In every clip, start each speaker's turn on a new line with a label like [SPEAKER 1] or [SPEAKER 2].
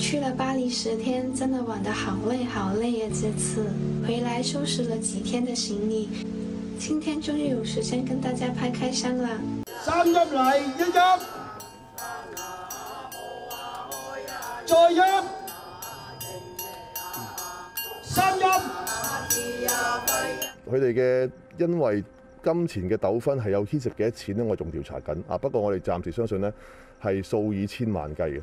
[SPEAKER 1] 去了巴黎十天，真的玩得好累好累啊。這次回來收拾了幾天的行李，今天終於有時間跟大家拍開箱啦。三音嚟，一音，再一，三
[SPEAKER 2] 音。佢哋嘅因為金錢嘅糾紛係有牽涉幾多錢呢？我仲調查緊啊！不過我哋暫時相信呢，係數以千萬計嘅。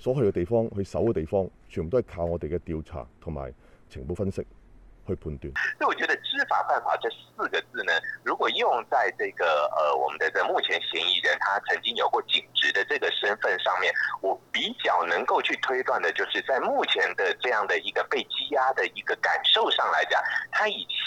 [SPEAKER 2] 所去嘅地方，去守嘅地方，全部都係靠我哋嘅調查同埋情報分析去判斷。
[SPEAKER 1] 所以，我覺得知法犯法，這四個字呢，如果用在這個呃，我們的目前嫌疑人他曾經有過警職的這個身份上面，我比較能夠去推斷的，就是在目前的這樣的，一個被羈押的，一個感受上來講，他以前。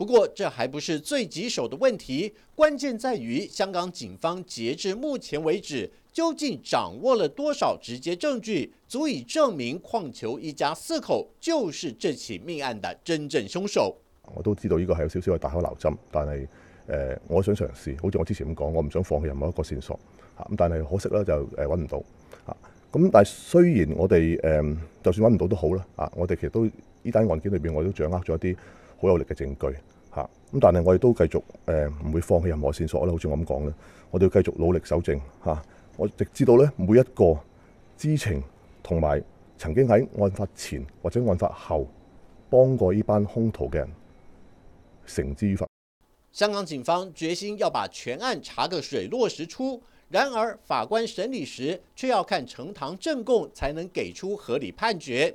[SPEAKER 3] 不過，這還不是最棘手的問題，關鍵在於香港警方截至目前為止，究竟掌握了多少直接證據，足以證明鄺球一家四口就是這起命案的真正凶手。
[SPEAKER 2] 我都知道呢個係有少少嘅大海撈針，但係誒、呃，我想嘗試，好似我之前咁講，我唔想放棄任何一個線索吓，咁但係可惜啦，就誒揾唔到吓，咁、啊、但係雖然我哋誒、呃，就算揾唔到都好啦，啊，我哋其實都呢單案件裏邊，我都掌握咗一啲。好有力嘅證據嚇，咁但係我哋都繼續誒唔、呃、會放棄任何線索啦，好似我咁講咧，我哋要繼續努力搜證嚇。我直知道呢，咧每一個知情同埋曾經喺案發前或者案發後幫過呢班兇徒嘅人，繩之於法。
[SPEAKER 3] 香港警方決心要把全案查個水落石出，然而法官審理時，卻要看呈堂證供才能給出合理判決。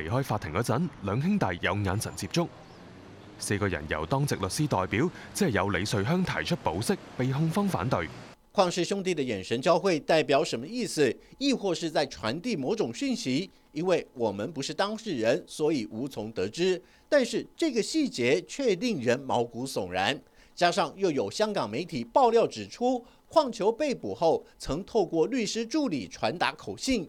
[SPEAKER 2] 離開法庭嗰陣，兩兄弟有眼神接觸。四個人由當值律師代表，即係由李瑞香提出保釋，被控方反對。鄺氏兄弟的眼
[SPEAKER 3] 神交匯代表什麼意思？亦或是在傳遞某種訊息？因為我們不是當事人，所以無從得知。但是這個細節卻令人毛骨悚然。加上又有香港媒體爆料指出，鄺球被捕後曾透過律師助理傳達口信。